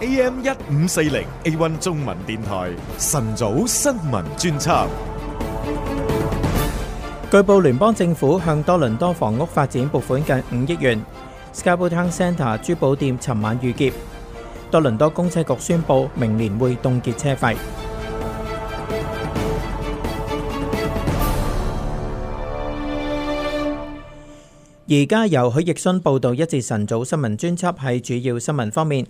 A.M. 一五四零 A One 中文電台晨早新聞專輯。據報，聯邦政府向多倫多房屋發展撥款近五億元。Scarborough Centre 珠寶店尋晚遇劫。多倫多公車局宣布明年會凍結車費。而家由許奕迅報道，一節晨早新聞專輯係主要新聞方面。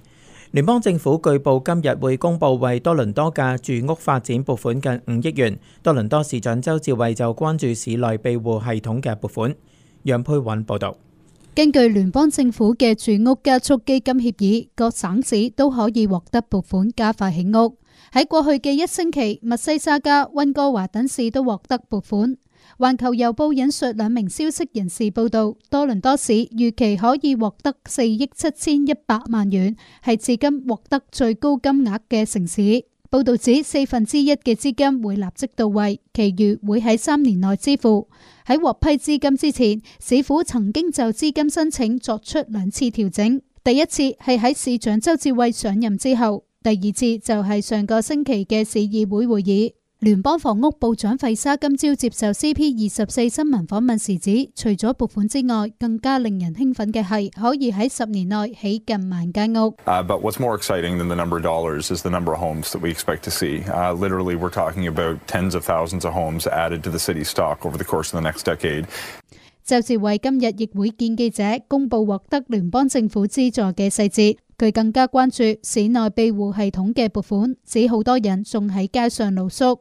聯邦政府據報今日會公布為多倫多嘅住屋發展撥款近五億元。多倫多市長鄒至蕙就關注市內庇護系統嘅撥款。楊佩韻報道。根據聯邦政府嘅住屋加速基金協議，各省市都可以獲得撥款，加快起屋。喺過去嘅一星期，密西沙加、温哥華等市都獲得撥款。環球郵報引述兩名消息人士報道，多倫多市預期可以獲得四億七千一百萬元，係至今獲得最高金額嘅城市。報道指四分之一嘅資金會立即到位，其餘會喺三年內支付。喺獲批資金之前，市府曾經就資金申請作出兩次調整，第一次係喺市長周志偉上任之後，第二次就係上個星期嘅市議會會議。聯邦房屋部長費沙今朝接受 C P 二十四新聞訪問時指，除咗撥款之外，更加令人興奮嘅係可以喺十年內起近萬間屋。But what's more exciting than the number of dollars is the number of homes that we expect to see. Literally, we're talking about tens of thousands of homes added to the city stock over the course of the next decade. 就係為今日亦會見記者公布獲得聯邦政府資助嘅細節。佢更加關注市內庇護系統嘅撥款，指好多人仲喺街上露宿。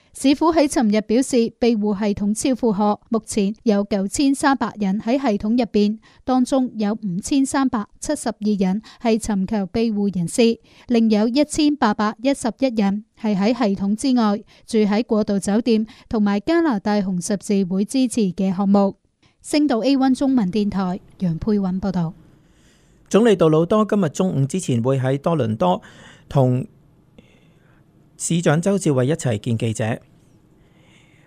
市府喺尋日表示庇護系統超負荷，目前有九千三百人喺系統入邊，當中有五千三百七十二人係尋求庇護人士，另有一千八百一十一人係喺系統之外住喺過渡酒店同埋加拿大紅十字會支持嘅項目。星島 A1 中文電台楊佩韻報道。總理杜魯多今日中午之前會喺多倫多同市長周志偉一齊見記者。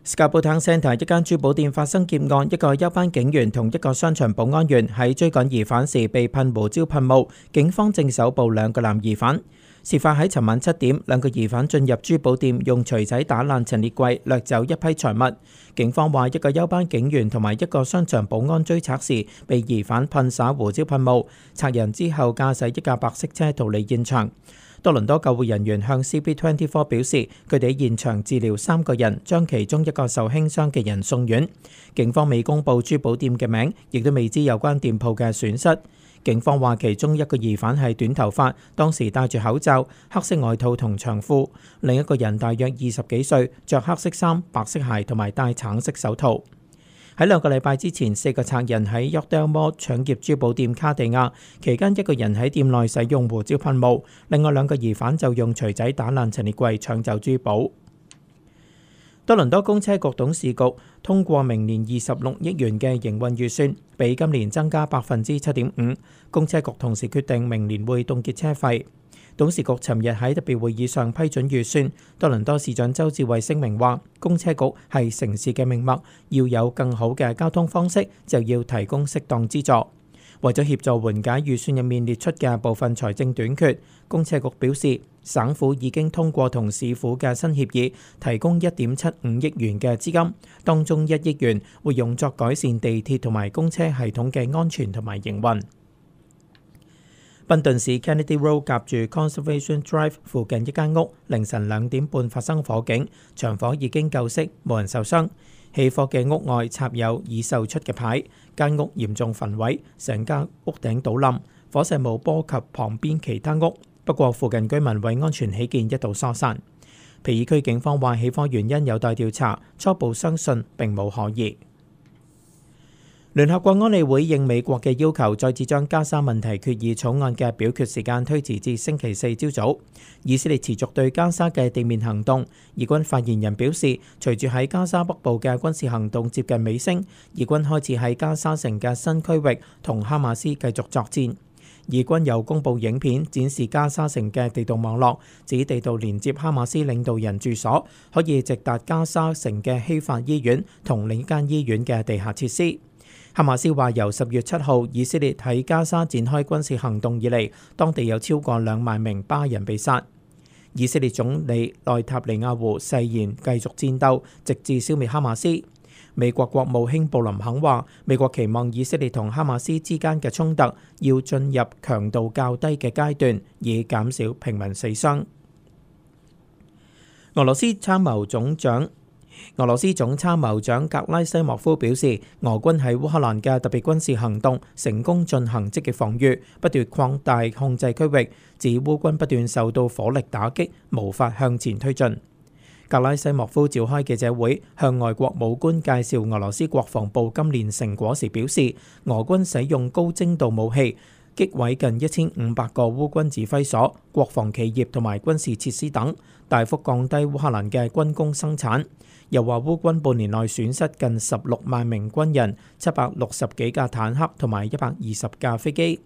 Scarborough Centre 一間珠寶店發生劫案，一個休班警員同一個商場保安員喺追趕疑犯時被噴胡椒噴霧，警方正搜捕兩個男疑犯。事發喺尋晚七點，兩個疑犯進入珠寶店，用錘仔打爛陳列櫃，掠走一批財物。警方話，一個休班警員同埋一個商場保安追賊時，被疑犯噴灑胡椒噴霧。賊人之後駕駛一架白色車逃離現場。多倫多救護人員向 CB 24表示，佢哋喺現場治療三個人，將其中一個受輕傷嘅人送院。警方未公布珠寶店嘅名，亦都未知有關店鋪嘅損失。警方話，其中一個疑犯係短頭髮，當時戴住口罩、黑色外套同長褲；另一個人大約二十幾歲，着黑色衫、白色鞋同埋戴橙色手套。喺兩個禮拜之前，四個賊人喺約旦摩搶劫珠寶店卡地亞，期間一個人喺店內使用胡椒噴霧，另外兩個疑犯就用錘仔打爛陳列櫃，搶走珠寶。多倫多公車局董事局通過明年二十六億元嘅營運預算，比今年增加百分之七點五。公車局同時決定明年會凍結車費。董事局尋日喺特別會議上批准預算。多倫多市長鄒至蕙聲明話：公車局係城市嘅命脈，要有更好嘅交通方式，就要提供適當資助。為咗協助緩解預算入面列出嘅部分財政短缺，公車局表示。省府已經通過同市府嘅新協議，提供一點七五億元嘅資金，當中一億元會用作改善地鐵同埋公車系統嘅安全同埋營運。賓頓市 Kennedy Road 夾住 Conservation Drive 附近一間屋，凌晨兩點半發生火警，場火已經救熄，冇人受傷。起火嘅屋外插有已售出嘅牌，間屋嚴重焚毀，成間屋頂倒冧，火石冇波及旁邊其他屋。不過，附近居民為安全起見一度疏散。皮爾區警方話，起火原因有待調查，初步相信並冇可疑。聯合國安理會應美國嘅要求，再次將加沙問題決議草案嘅表決時間推遲至星期四朝早。以色列持續對加沙嘅地面行動，以軍發言人表示，隨住喺加沙北部嘅軍事行動接近尾聲，以軍開始喺加沙城嘅新區域同哈馬斯繼續作戰。以軍又公布影片，展示加沙城嘅地道網絡，指地道連接哈馬斯領導人住所，可以直達加沙城嘅希法醫院同另一間醫院嘅地下設施。哈馬斯話由十月七號以色列喺加沙展開軍事行動以嚟，當地有超過兩萬名巴人被殺，以色列總理內塔尼亞胡誓言繼續戰鬥，直至消滅哈馬斯。美國國務卿布林肯話：美國期望以色列同哈馬斯之間嘅衝突要進入強度較低嘅階段，以減少平民死傷。俄羅斯參謀總長、俄羅斯總參謀長格拉西莫夫表示，俄軍喺烏克蘭嘅特別軍事行動成功進行積極防禦，不斷擴大控制區域，指烏軍不斷受到火力打擊，無法向前推進。格拉西莫夫召開記者會，向外國武官介紹俄羅斯國防部今年成果時表示，俄軍使用高精度武器擊毀近一千五百個烏軍指揮所、國防企業同埋軍事設施等，大幅降低烏克蘭嘅軍工生產。又話烏軍半年內損失近十六萬名軍人，七百六十幾架坦克同埋一百二十架飛機。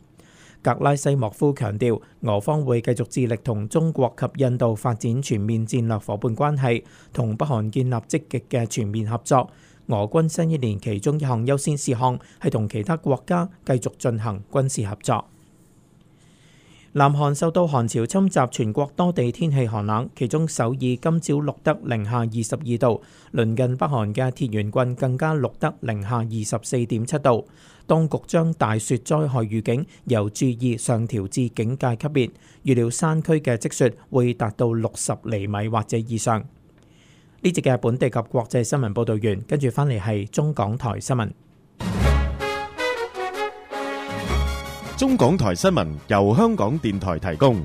格拉西莫夫強調，俄方會繼續致力同中國及印度發展全面戰略夥伴關係，同北韓建立積極嘅全面合作。俄軍新一年其中一項優先事項係同其他國家繼續進行軍事合作。南韓受到寒潮侵襲，全國多地天氣寒冷，其中首爾今朝錄得零下二十二度，鄰近北韓嘅鐵原郡更加錄得零下二十四點七度。當局將大雪災害預警由注意上調至警戒級別，預料山區嘅積雪會達到六十厘米或者以上。呢節嘅本地及國際新聞報導完，跟住翻嚟係中港台新聞。中港台新聞由香港電台提供。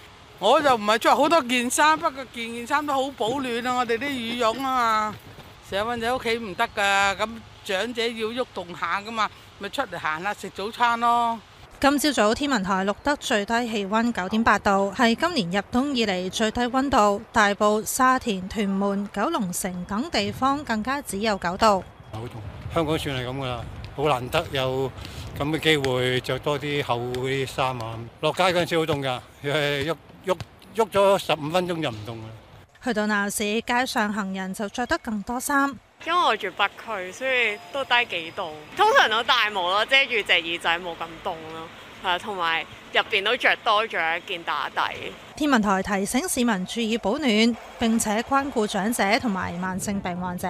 我就唔係著好多件衫，不過件件衫都好保暖啊！我哋啲羽絨啊嘛，成日瞓喺屋企唔得㗎，咁長者要喐動下噶嘛，咪出嚟行啦，食早餐咯。今朝早天文台錄得最低氣溫九點八度，係今年入冬以嚟最低溫度。大埔、沙田、屯門、九龍城等地方更加只有九度。好凍，香港算係咁㗎啦，好難得有咁嘅機會著多啲厚啲衫啊！落街嗰陣時好凍㗎，誒喐～喐喐咗十五分鐘就唔凍啦。去到鬧市，街上行人就着得更多衫。因為我住北區，所以都低幾度。通常都戴帽咯，遮住隻耳仔，冇咁凍咯。係、嗯、啊，同埋入邊都着多咗一件打底。天文台提醒市民注意保暖，並且關顧長者同埋慢性病患者。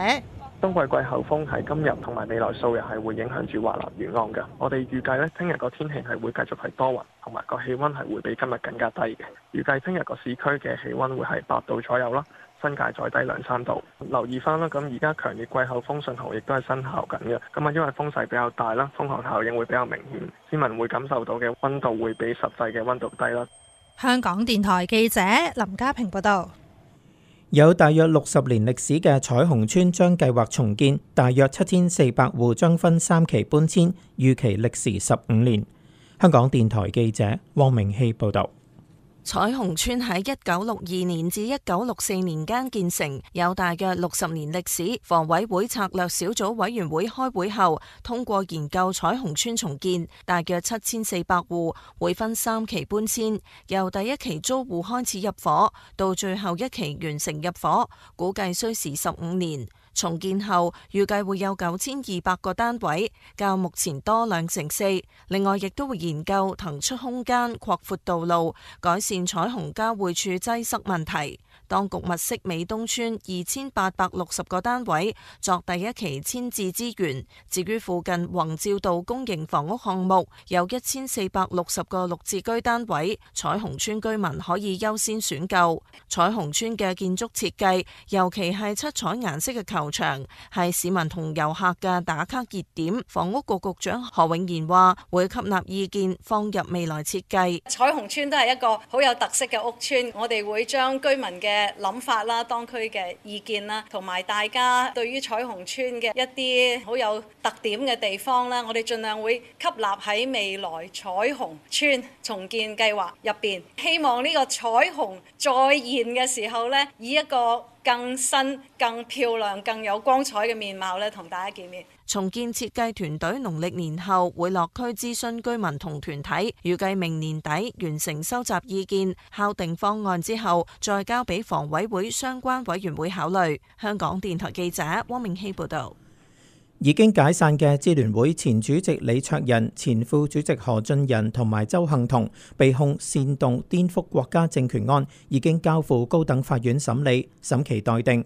冬季季候風喺今日同埋未來數日係會影響住華南沿岸嘅。我哋預計呢，聽日個天氣係會繼續係多雲，同埋個氣温係會比今日更加低嘅。預計聽日個市區嘅氣温會係八度左右啦，新界再低兩三度。留意翻啦，咁而家強烈季候風信號亦都係生效緊嘅。咁啊，因為風勢比較大啦，風寒效應會比較明顯，市民會感受到嘅温度會比實際嘅温度低啦。香港電台記者林家平報道。有大約六十年歷史嘅彩虹村將計劃重建，大約七千四百戶將分三期搬遷，預期歷時十五年。香港電台記者汪明熙報導。彩虹邨喺一九六二年至一九六四年間建成，有大約六十年歷史。房委會策略小組委員會開會後，通過研究彩虹邨重建，大約七千四百戶會分三期搬遷，由第一期租戶開始入伙，到最後一期完成入伙，估計需時十五年。重建後預計會有九千二百個單位，較目前多兩成四。另外，亦都會研究騰出空間、擴闊道路、改善彩虹交匯處擠塞問題。當局物色美東村二千八百六十個單位作第一期遷置資源，至於附近宏照道公營房屋項目有一千四百六十個綠置居單位，彩虹村居民可以優先選購。彩虹村嘅建築設計，尤其係七彩顏色嘅球場，係市民同遊客嘅打卡熱點。房屋局局長何永賢話：會吸納意見放入未來設計。彩虹村都係一個好有特色嘅屋村，我哋會將居民嘅嘅諗法啦，當區嘅意見啦，同埋大家對於彩虹村嘅一啲好有特點嘅地方啦，我哋盡量會吸納喺未來彩虹村重建計劃入邊，希望呢個彩虹再現嘅時候呢，以一個更新、更漂亮、更有光彩嘅面貌咧，同大家見面。重建設計團隊，農曆年後會落區諮詢居民同團體，預計明年底完成收集意見、敲定方案之後，再交俾房委會相關委員會考慮。香港電台記者汪明熙報導。已經解散嘅支聯會前主席李卓人、前副主席何俊仁同埋鄒幸彤，被控煽動顛覆國家政權案，已經交付高等法院審理，審期待定。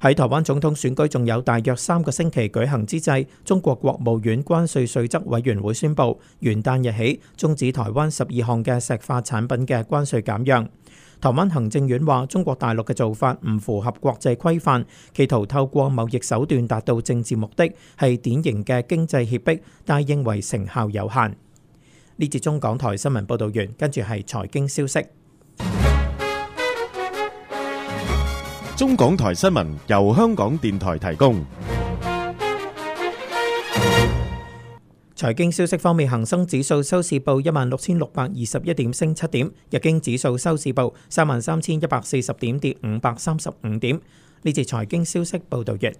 喺台灣總統選舉仲有大約三個星期舉行之際，中國國務院關稅稅則委員會宣布元旦日起終止台灣十二項嘅石化產品嘅關稅減讓。台灣行政院話中國大陸嘅做法唔符合國際規範，企圖透過貿易手段達到政治目的，係典型嘅經濟脅迫，但係認為成效有限。呢節中港台新聞報導完，跟住係財經消息。中港台新聞由香港電台提供。財經消息方面，恒生指數收市報一萬六千六百二十一點，升七點；日經指數收市報三萬三千一百四十點，跌五百三十五點。呢次財經消息報道完。